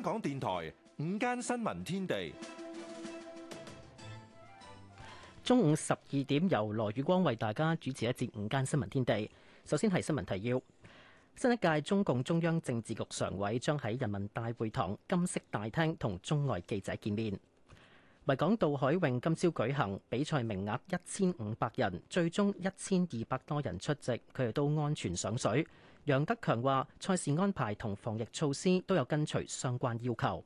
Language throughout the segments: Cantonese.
香港電台午間新聞天地，中午十二點由羅宇光為大家主持一節午間新聞天地。首先係新聞提要：新一屆中共中央政治局常委將喺人民大會堂金色大廳同中外記者見面。維港渡海泳今朝舉行，比賽名額一千五百人，最終一千二百多人出席，佢哋都安全上水。楊德強話：賽事安排同防疫措施都有跟隨相關要求。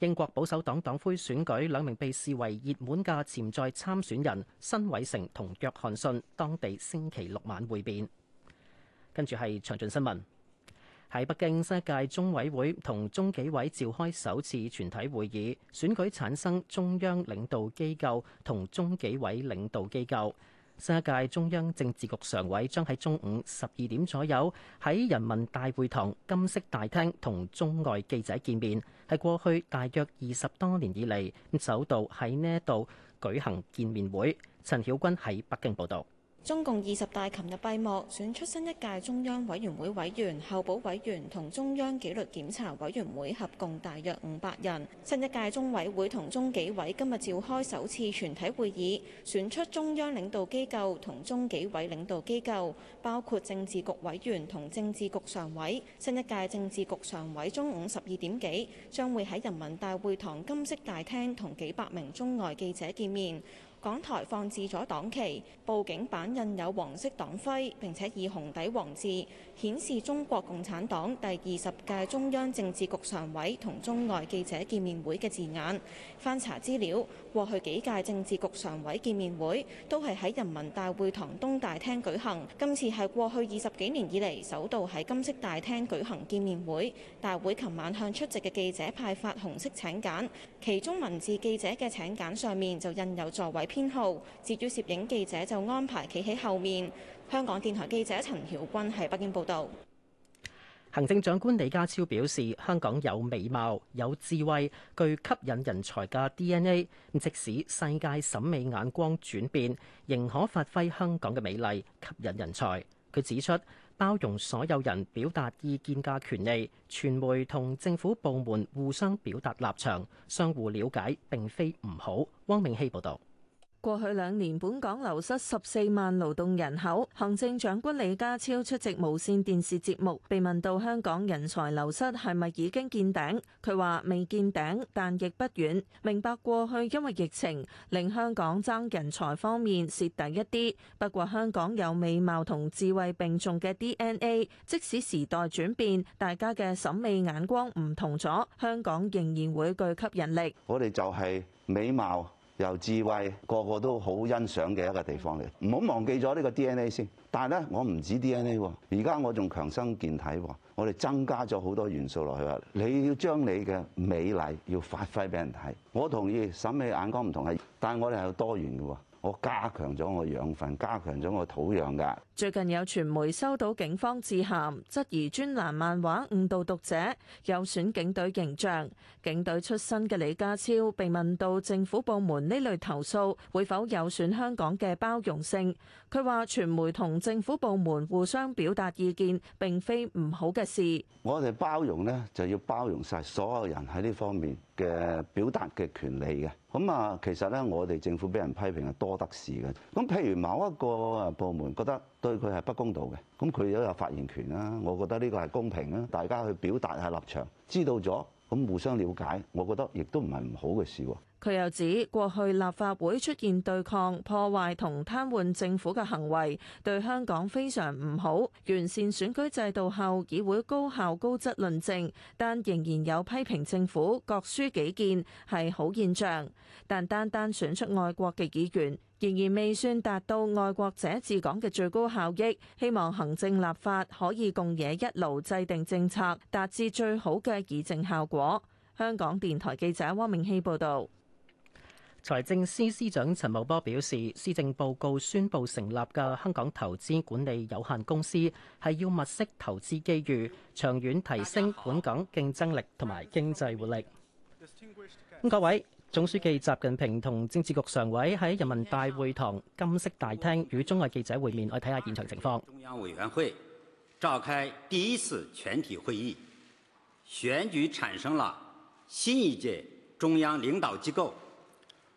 英國保守黨黨魁選舉兩名被視為熱門嘅潛在參選人辛偉成同約翰遜，當地星期六晚會面。跟住係詳盡新聞。喺北京，新一屆中委會同中紀委召開首次全體會議，選舉產生中央領導機構同中紀委領導機構。新一屆中央政治局常委將喺中午十二點左右喺人民大會堂金色大廳同中外記者見面，係過去大約二十多年以嚟首度喺呢度舉行見面會。陳曉君喺北京報道。中共二十大琴日閉幕，選出新一屆中央委員會委員、候補委員同中央紀律檢查委員會合共大約五百人。新一屆中委會同中紀委今日召開首次全體會議，選出中央領導機構同中紀委領導機構，包括政治局委員同政治局常委。新一屆政治局常委中午十二點幾將會喺人民大會堂金色大廳同幾百名中外記者見面。港台放置咗黨旗，報警板印有黃色黨徽，並且以紅底黃字顯示中國共產黨第二十屆中央政治局常委同中外記者見面會嘅字眼。翻查資料，過去幾屆政治局常委見面會都係喺人民大會堂東大廳舉行，今次係過去二十幾年以嚟，首度喺金色大廳舉行見面會。大會琴晚向出席嘅記者派發紅色請柬，其中文字記者嘅請柬上面就印有座位編號，自主攝影記者就安排企喺後面。香港電台記者陳曉君喺北京報道。行政長官李家超表示，香港有美貌、有智慧、具吸引人才嘅 DNA。即使世界審美眼光轉變，仍可發揮香港嘅美麗，吸引人才。佢指出，包容所有人表達意見嘅權利，傳媒同政府部門互相表達立場，相互了解並非唔好。汪明希報導。過去兩年，本港流失十四萬勞動人口。行政長官李家超出席無線電視節目，被問到香港人才流失係咪已經見頂，佢話未見頂，但亦不遠。明白過去因為疫情令香港爭人才方面蝕底一啲，不過香港有美貌同智慧並重嘅 DNA，即使時代轉變，大家嘅審美眼光唔同咗，香港仍然會具吸引力。我哋就係美貌。由智慧個個都好欣賞嘅一個地方嚟，唔好忘記咗呢個 DNA 先。但係咧，我唔止 DNA 喎，而家我仲強身健體喎，我哋增加咗好多元素落去。你要將你嘅美麗要發揮俾人睇。我同意審美眼光唔同係，但係我哋係有多元嘅喎。我加強咗我養分，加強咗我的土壤㗎。最近有傳媒收到警方致函，質疑專欄漫畫誤導讀者，有損警隊形象。警隊出身嘅李家超被問到政府部門呢類投訴會否有損香港嘅包容性，佢話傳媒同政府部門互相表達意見並非唔好嘅事。我哋包容呢，就要包容晒所有人喺呢方面。嘅表達嘅權利嘅，咁啊，其實咧，我哋政府俾人批評係多得事嘅。咁譬如某一個啊部門覺得對佢係不公道嘅，咁佢都有發言權啦。我覺得呢個係公平啊，大家去表達下立場，知道咗咁互相了解，我覺得亦都唔係唔好嘅事喎。佢又指，過去立法會出現對抗、破壞同癱瘓政府嘅行為，對香港非常唔好。完善選舉制度後，議會高效高質論政，但仍然有批評政府各抒己見係好現象。但單單選出愛國嘅議員，仍然未算達到愛國者治港嘅最高效益。希望行政立法可以共冶一爐制定政策，達至最好嘅議政效果。香港電台記者汪明熙報導。財政司司長陳茂波表示，施政報告宣布成立嘅香港投資管理有限公司係要物色投資機遇，長遠提升本港競爭力同埋經濟活力。咁各位，總書記習近平同政治局常委喺人民大會堂金色大廳與中外記者會面，我哋睇下現場情況。中央委員會召開第一次全體會議，選舉產生了新一屆中央領導機構。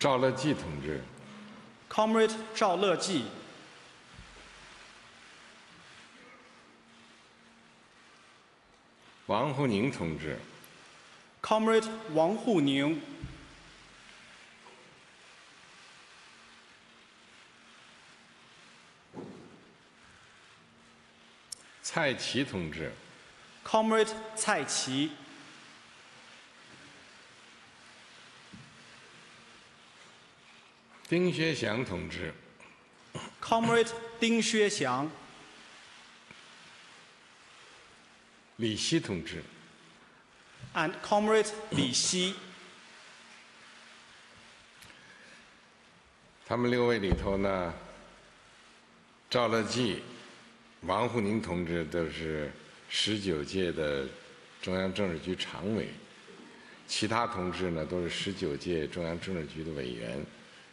趙樂際同志，Comrade 趙樂際，王滬寧同志，Comrade 王滬寧，蔡奇同志，Comrade 蔡奇。丁薛祥同志，Comrade 丁薛祥，李希同志，and Comrade 李希。他們六位裏頭呢，趙樂際、王滬寧同志都是十九屆的中央政治局常委，其他同志呢都是十九屆中央政治局的委員。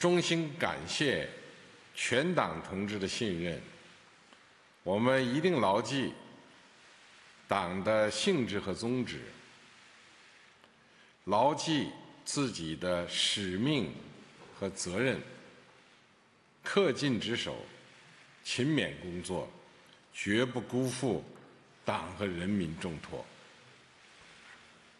衷心感謝全黨同志的信任，我們一定牢記黨的性質和宗旨，牢記自己的使命和責任，恪盡職守，勤勉工作，絕不辜負黨和人民重託。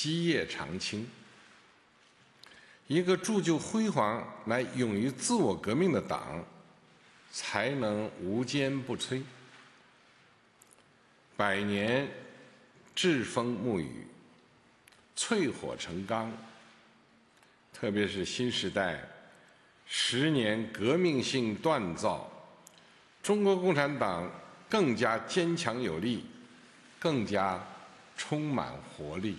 基業常青，一個鑄就輝煌、來勇於自我革命的黨，才能無堅不摧。百年櫛風沐雨，淬火成鋼。特別是新時代十年革命性鍛造，中國共產黨更加堅強有力，更加充滿活力。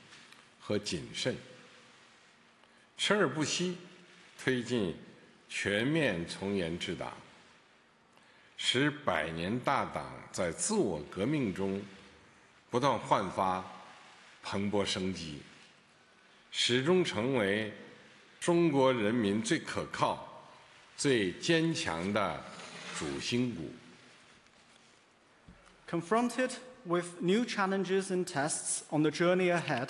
和謹慎，生而不息，推進全面從嚴治黨，使百年大黨在自我革命中不斷煥發蓬勃生機，始終成為中國人民最可靠、最堅強的主心骨。Confronted with new challenges and tests on the journey ahead.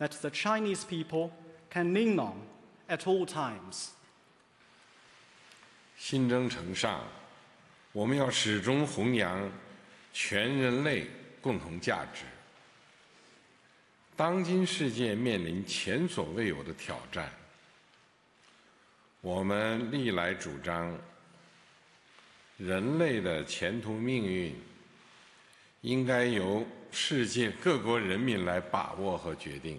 that the Chinese people can lean on at all times. 新征程上，我們要始終弘揚全人類共同價值。當今世界面臨前所未有的挑戰，我們歷來主張，人類的前途命運應該由世界各國人民來把握和決定。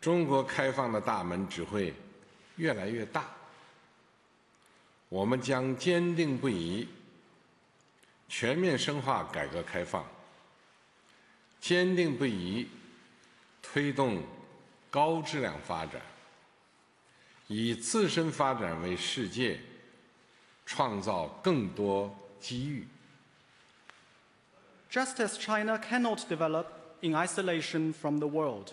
中國開放的大門只會越來越大。我們將堅定不移，全面深化改革開放，堅定不移，推動高質量發展，以自身發展為世界創造更多機遇。Just as China cannot develop in isolation from the world,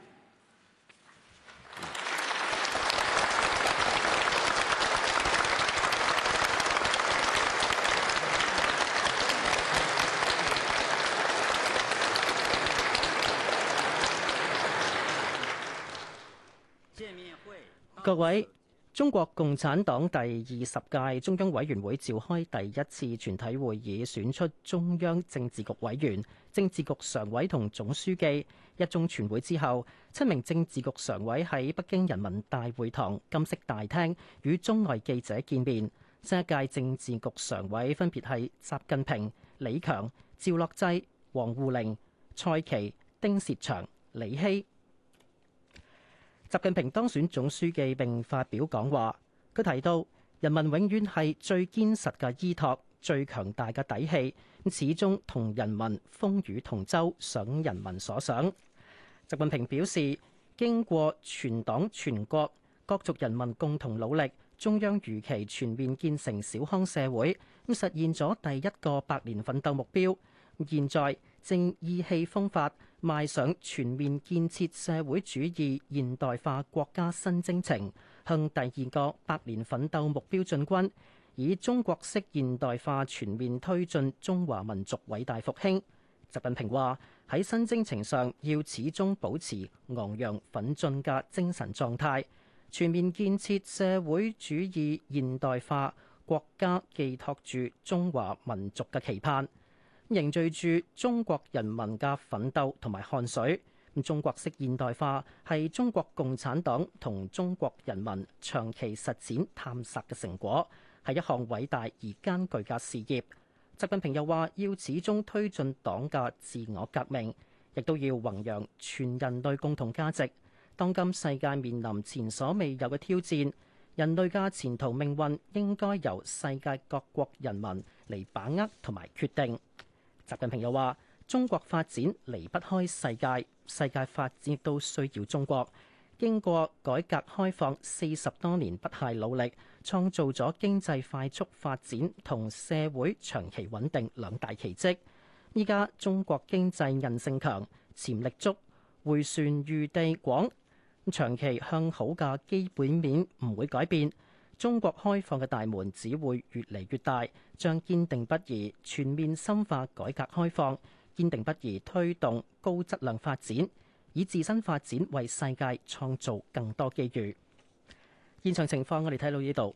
各位，中國共產黨第二十屆中央委員會召開第一次全體會議，選出中央政治局委員、政治局常委同總書記。一中全會之後，七名政治局常委喺北京人民大會堂金色大廳與中外記者見面。新一屆政治局常委分別係習近平、李強、趙樂際、王滬寧、蔡奇、丁薛祥、李希。習近平當選總書記並發表講話，佢提到人民永遠係最堅實嘅依託、最強大嘅底氣，始終同人民風雨同舟、想人民所想。習近平表示，經過全黨全國各族人民共同努力，中央如期全面建成小康社會，咁實現咗第一個百年奮鬥目標，現在正意氣風發，邁上全面建設社會主義現代化國家新征程，向第二個百年奮鬥目標進軍，以中國式現代化全面推進中華民族偉大復興。習近平話：喺新征程上，要始終保持昂揚奮進嘅精神狀態，全面建設社會主義現代化國家，寄託住中華民族嘅期盼。凝聚住中國人民嘅奮鬥同埋汗水，中國式現代化係中國共產黨同中國人民長期實踐探索嘅成果，係一項偉大而艱巨嘅事業。習近平又話：要始終推進黨嘅自我革命，亦都要弘揚全人類共同價值。當今世界面臨前所未有嘅挑戰，人類嘅前途命運應該由世界各國人民嚟把握同埋決定。習近平又話：中國發展離不開世界，世界發展都需要中國。經過改革開放四十多年不懈努力，創造咗經濟快速發展同社會長期穩定兩大奇蹟。依家中國經濟韌性強，潛力足，回旋餘地廣，長期向好嘅基本面唔會改變。中國開放嘅大門只會越嚟越大，將堅定不移全面深化改革開放，堅定不移推動高質量發展，以自身發展為世界創造更多機遇。現場情況我哋睇到呢度。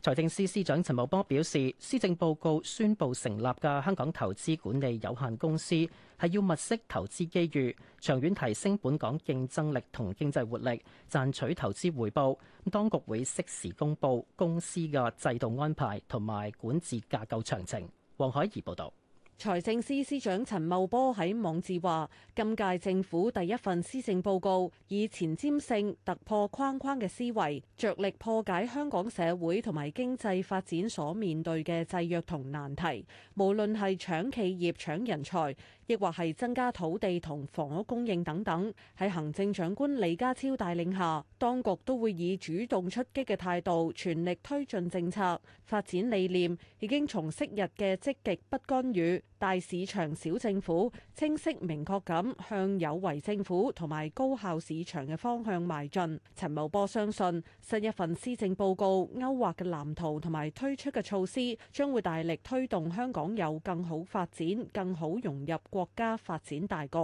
財政司司長陳茂波表示，施政報告宣布成立嘅香港投資管理有限公司係要物色投資機遇，長遠提升本港競爭力同經濟活力，賺取投資回報。當局會適時公布公司嘅制度安排同埋管治架構詳情。黃海怡報導。財政司司長陳茂波喺網誌話：今屆政府第一份施政報告以前瞻性突破框框嘅思維，着力破解香港社會同埋經濟發展所面對嘅制約同難題。無論係搶企業、搶人才，亦或係增加土地同房屋供應等等，喺行政長官李家超帶領下，當局都會以主動出擊嘅態度，全力推進政策發展理念，已經從昔日嘅積極不干預。大市場小政府，清晰明確咁向有為政府同埋高效市場嘅方向邁進。陳茂波相信新一份施政報告勾畫嘅藍圖同埋推出嘅措施，將會大力推動香港有更好發展、更好融入國家發展大局。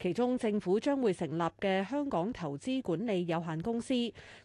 其中政府將會成立嘅香港投資管理有限公司，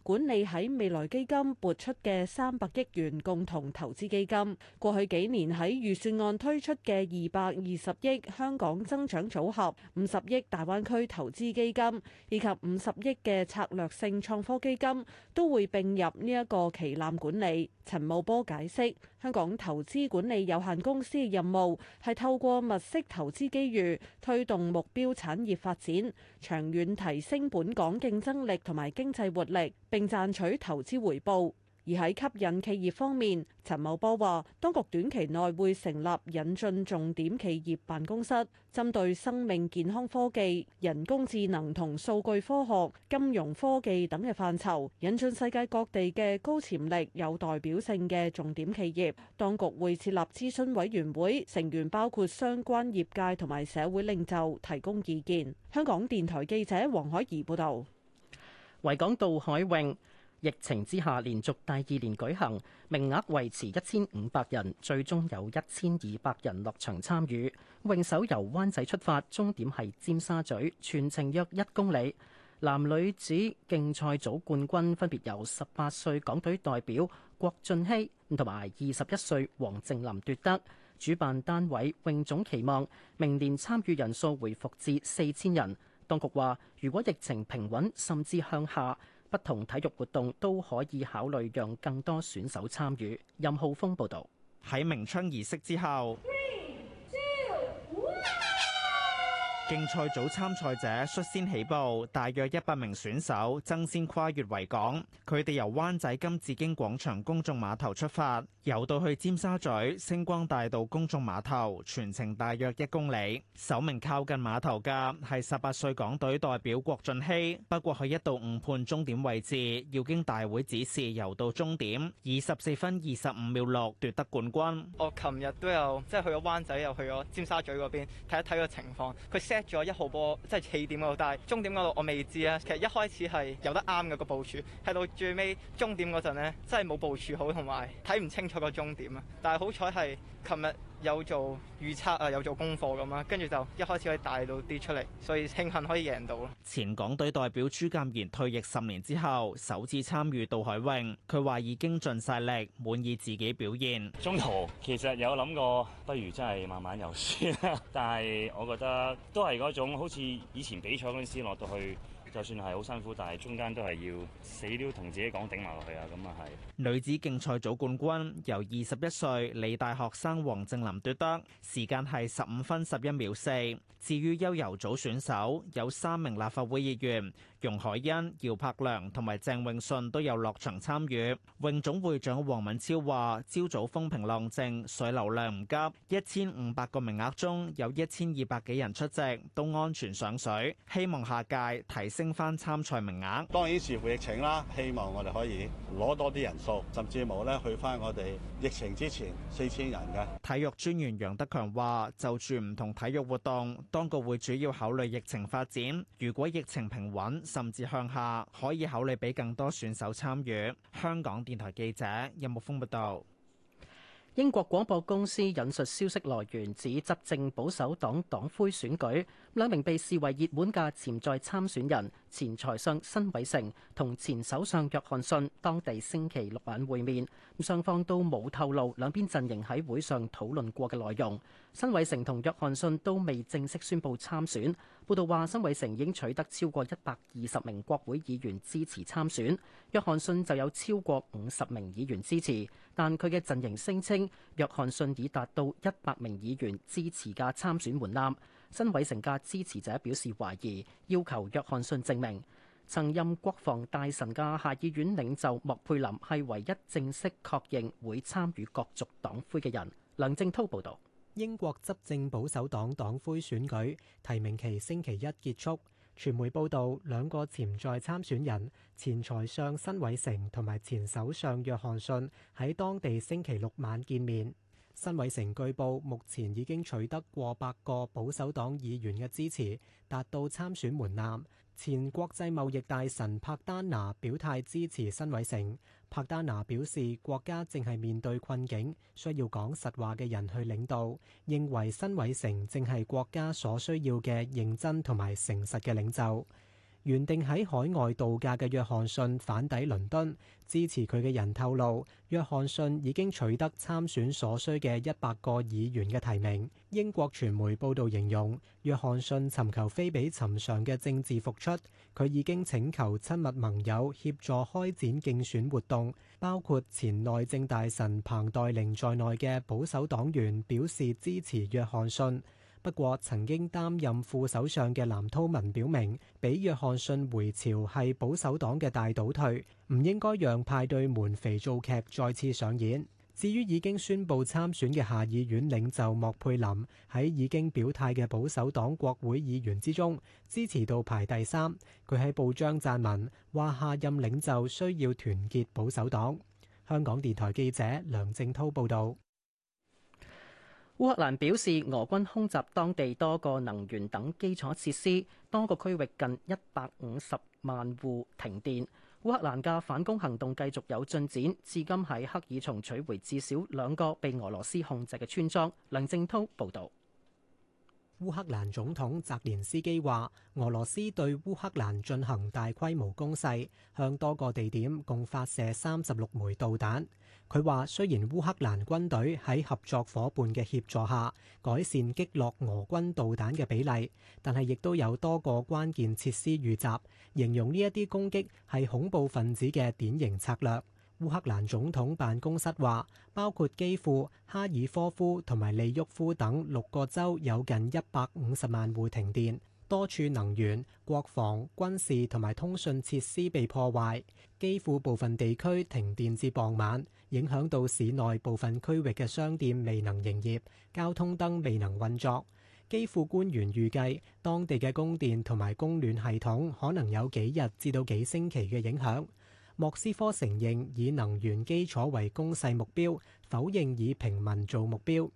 管理喺未來基金撥出嘅三百億元共同投資基金。過去幾年喺預算案推出嘅二百二十億香港增長組合、五十億大灣區投資基金，以及五十億嘅策略性創科基金，都會並入呢一個旗艦管理。陳茂波解釋，香港投資管理有限公司嘅任務係透過物色投資機遇，推動目標產業發展，長遠提升本港競爭力同埋經濟活力，並賺取投資回報。而喺吸引企業方面，陳茂波話當局短期內會成立引進重點企業辦公室，針對生命健康科技、人工智能同數據科學、金融科技等嘅範疇，引進世界各地嘅高潛力有代表性嘅重點企業。當局會設立諮詢委員會，成員包括相關業界同埋社會領袖，提供意見，香港電台記者黃海怡報道。維港杜海泳。疫情之下，連續第二年舉行，名額維持一千五百人，最終有一千二百人落場參與。泳手由灣仔出發，終點係尖沙咀，全程約一公里。男女子競賽組冠軍分別由十八歲港隊代表郭俊希，同埋二十一歲黃靜林奪得。主辦單位泳總期望明年參與人數回復至四千人。當局話，如果疫情平穩，甚至向下。不同體育活動都可以考慮讓更多選手參與。任浩峰報導。喺鳴槍儀式之後，競賽組參賽者率先起步，大約一百名選手爭先跨越維港。佢哋由灣仔金紫荊廣場公眾碼頭出發，游到去尖沙咀星光大道公眾碼頭，全程大約一公里。首名靠近碼頭嘅係十八歲港隊代表郭俊熙。不過佢一度誤判終點位置，要經大會指示游到終點，以十四分二十五秒六奪得冠軍。我琴日都有即係、就是、去咗灣仔，又去咗尖沙咀嗰邊睇一睇個情況，咗一號波，即係起點嗰度，但係終點嗰度我未知啊。其實一開始係游得啱嘅個部署，係到最尾終點嗰陣咧，真係冇部署好，同埋睇唔清楚個終點啊。但係好彩係琴日。有做預測啊，有做功課咁啊，跟住就一開始可以大到跌出嚟，所以慶幸可以贏到咯。前港隊代表朱鑑賢退役十年之後，首次參與渡海泳，佢話已經盡晒力，滿意自己表現。中途其實有諗過，不如真係慢慢遊算，但係我覺得都係嗰種好似以前比賽嗰時落到去。就算係好辛苦，但係中間都係要死都同自己講頂埋落去啊！咁啊，係女子競賽組冠軍由二十一歲理大學生黃靜林奪得，時間係十五分十一秒四。至於悠遊組選手有三名立法會議員。容海恩、姚柏良同埋鄭永信都有落場參與。泳總會長黃敏超話：朝早風平浪靜，水流量唔急，一千五百個名額中有一千二百幾人出席，都安全上水。希望下屆提升翻參賽名額。當然視乎疫情啦，希望我哋可以攞多啲人數，甚至冇咧去翻我哋疫情之前四千人嘅。體育專員楊德強話：就住唔同體育活動，當局會主要考慮疫情發展。如果疫情平穩，甚至向下，可以考慮俾更多選手參與。香港電台記者任木豐報道，英國廣播公司引述消息來源指，執政保守黨黨魁選舉。兩名被視為熱門嘅潛在參選人前財相辛偉成同前首相約翰遜當地星期六晚會面，雙方都冇透露兩邊陣營喺會上討論過嘅內容。辛偉成同約翰遜都未正式宣布參選。報道話，辛偉成已經取得超過一百二十名國會議員支持參選，約翰遜就有超過五十名議員支持，但佢嘅陣營聲稱約翰遜已達到一百名議員支持嘅參選門檻。新委成家支持者表示懷疑，要求約翰遜證明。曾任國防大臣嘅下議院領袖莫佩林係唯一正式確認會參與角逐黨魁嘅人。梁正濤報道，英國執政保守黨黨魁選舉提名期星期一結束，傳媒報道兩個潛在參選人前財相新委成同埋前首相約翰遜喺當地星期六晚見面。新委城據報目前已經取得過百個保守黨議員嘅支持，達到參選門檻。前國際貿易大臣帕丹拿表態支持新委城。帕丹拿表示，國家正係面對困境，需要講實話嘅人去領導，認為新委城正係國家所需要嘅認真同埋誠實嘅領袖。原定喺海外度假嘅約翰遜返抵倫敦，支持佢嘅人透露，約翰遜已經取得參選所需嘅一百個議員嘅提名。英國傳媒報道形容，約翰遜尋求非比尋常嘅政治復出，佢已經請求親密盟友協助開展競選活動，包括前內政大臣彭黛玲在內嘅保守黨員表示支持約翰遜。不過，曾經擔任副首相嘅藍韜文表明，俾約翰遜回朝係保守黨嘅大倒退，唔應該讓派對門肥皂劇再次上演。至於已經宣佈參選嘅下議院領袖莫佩林，喺已經表態嘅保守黨國會議員之中，支持度排第三。佢喺報章撰文話，下任領袖需要團結保守黨。香港電台記者梁正濤報導。烏克蘭表示，俄軍空襲當地多個能源等基礎設施，多個區域近一百五十萬戶停電。烏克蘭嘅反攻行動繼續有進展，至今喺赫爾松取回至少兩個被俄羅斯控制嘅村莊。梁正濤報道。烏克蘭總統澤連斯基話：俄羅斯對烏克蘭進行大規模攻勢，向多個地點共發射三十六枚導彈。佢話雖然烏克蘭軍隊喺合作夥伴嘅協助下改善擊落俄軍導彈嘅比例，但係亦都有多個關鍵設施遇襲，形容呢一啲攻擊係恐怖分子嘅典型策略。烏克蘭總統辦公室話，包括基輔、哈爾科夫同埋利沃夫等六個州有近一百五十萬戶停電，多處能源、國防、軍事同埋通訊設施被破壞。基輔部分地區停電至傍晚，影響到市內部分區域嘅商店未能營業，交通燈未能運作。基輔官員預計，當地嘅供電同埋供暖系統可能有幾日至到幾星期嘅影響。莫斯科承認以能源基礎為攻勢目標，否認以平民做目標。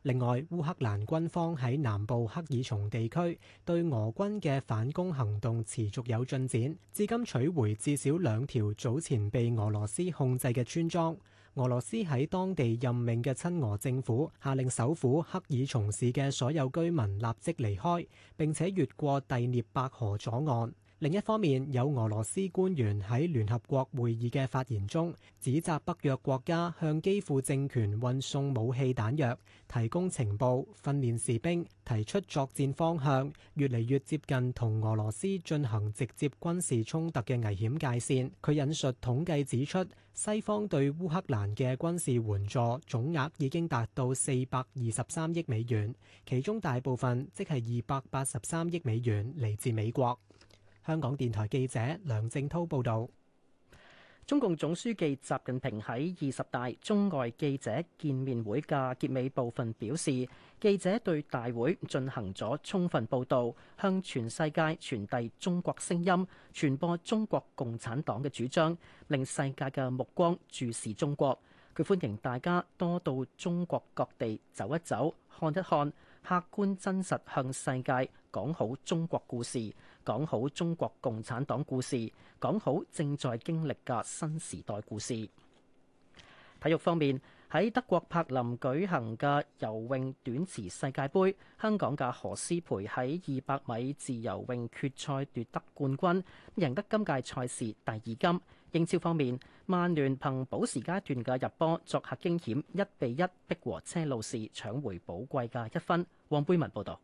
另外，烏克蘭軍方喺南部克爾松地區對俄軍嘅反攻行動持續有進展，至今取回至少兩條早前被俄羅斯控制嘅村莊。俄羅斯喺當地任命嘅親俄政府下令首府克爾松市嘅所有居民立即離開，並且越過第涅伯河左岸。另一方面，有俄羅斯官員喺聯合國會議嘅發言中，指責北約國家向基輔政權運送武器彈藥、提供情報、訓練士兵、提出作戰方向，越嚟越接近同俄羅斯進行直接軍事衝突嘅危險界線，佢引述統計指出，西方對烏克蘭嘅軍事援助總額已經達到四百二十三億美元，其中大部分即係二百八十三億美元嚟自美國。香港電台記者梁正濤報道，中共總書記習近平喺二十大中外記者見面會嘅結尾部分表示，記者對大會進行咗充分報道，向全世界傳遞中國聲音，傳播中國共產黨嘅主張，令世界嘅目光注視中國。佢歡迎大家多到中國各地走一走、看一看，客觀真實向世界講好中國故事。講好中國共產黨故事，講好正在經歷嘅新時代故事。體育方面，喺德國柏林舉行嘅游泳短池世界盃，香港嘅何詩蓓喺二百米自由泳決賽奪得冠軍，贏得今屆賽事第二金。英超方面，曼聯憑補時階段嘅入波作客驚險一比一逼和車路士，搶回寶貴嘅一分。黃貝文報道。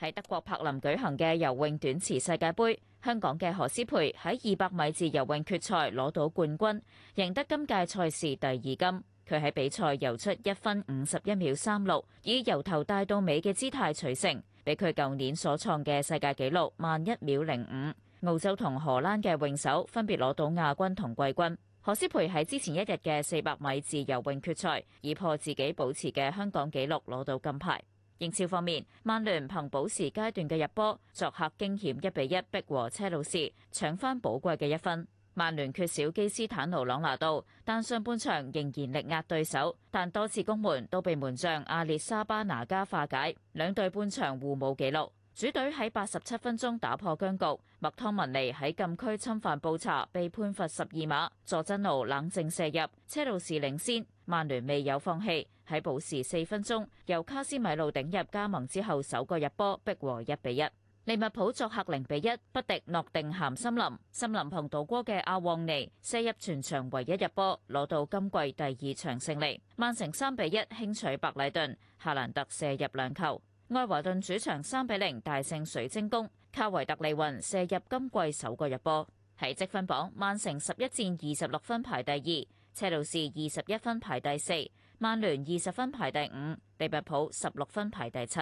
喺德國柏林舉行嘅游泳短池世界盃，香港嘅何詩蓓喺二百米自由泳決賽攞到冠軍，贏得今屆賽事第二金。佢喺比賽游出一分五十一秒三六，以由頭帶到尾嘅姿態取勝，比佢舊年所創嘅世界紀錄慢一秒零五。澳洲同荷蘭嘅泳手分別攞到亞軍同季軍。何詩蓓喺之前一日嘅四百米自由泳決賽，以破自己保持嘅香港紀錄攞到金牌。英超方面，曼聯憑補時階段嘅入波，作客驚險一比一逼和車路士，搶翻寶貴嘅一分。曼聯缺少基斯坦奴朗拿度，但上半場仍然力壓對手，但多次攻門都被門將阿列沙巴拿加化解。兩隊半場互冇紀錄，主隊喺八十七分鐘打破僵局，麥湯文尼喺禁區侵犯報查，被判罰十二碼，佐真奴冷靜射入，車路士領先。曼聯未有放棄，喺保時四分鐘由卡斯米魯頂入加盟之後首個入波，逼和一比一。利物浦作客零比一不敵諾定咸森林，森林憑道過嘅阿旺尼射入全場唯一入波，攞到今季第二場勝利。曼城三比一輕取白禮頓，夏蘭特射入兩球。愛華頓主場三比零大勝水晶宮，卡維特利雲射入今季首個入波。喺積分榜，曼城十一戰二十六分排第二。車路士二十一分排第四，曼聯二十分排第五，利物浦十六分排第七。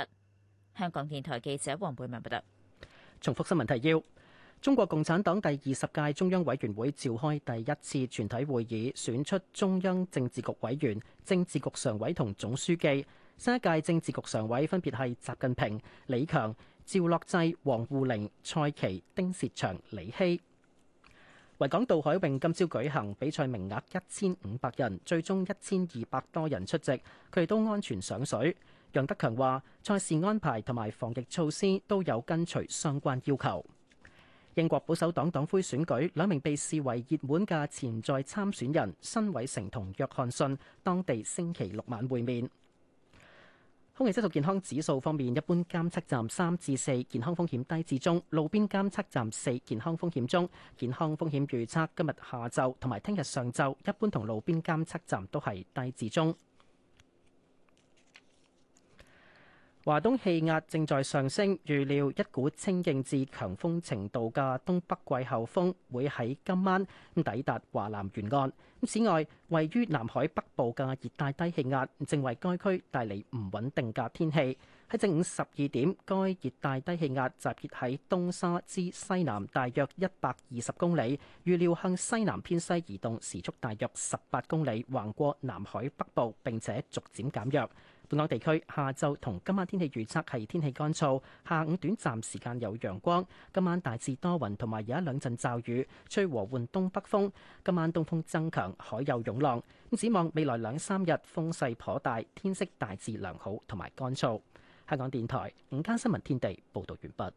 香港電台記者黃佩文報道。重複新聞提要：中國共產黨第二十屆中央委員會召開第一次全體會議，選出中央政治局委員、政治局常委同總書記。新一屆政治局常委分別係習近平、李強、趙樂際、王滬寧、蔡奇、丁薛祥、李希。維港渡海泳今朝舉行，比賽名額一千五百人，最終一千二百多人出席，佢哋都安全上水。楊德強話：賽事安排同埋防疫措施都有跟隨相關要求。英國保守黨黨魁選舉，兩名被視為熱門嘅潛在參選人辛偉誠同約翰遜，當地星期六晚會面。空氣質素健康指數方面，一般監測站三至四，健康風險低至中；路邊監測站四，健康風險中。健康風險預測今日下晝同埋聽日上晝，一般同路邊監測站都係低至中。華東氣壓正在上升，預料一股清勁至強風程度嘅東北季候風會喺今晚抵達華南沿岸。此外，位於南海北部嘅熱帶低氣壓正為該區帶嚟唔穩定嘅天氣。喺正午十二點，該熱帶低氣壓集結喺東沙之西南大約一百二十公里，預料向西南偏西移動，時速大約十八公里，橫過南海北部，並且逐漸減弱。本港地區下晝同今晚天氣預測係天氣乾燥，下午短暫時間有陽光，今晚大致多雲同埋有一兩陣驟雨，吹和緩東北風，今晚東風增強，海有湧浪。咁展望未來兩三日風勢頗大，天色大致良好同埋乾燥。香港電台午間新聞天地報道完畢。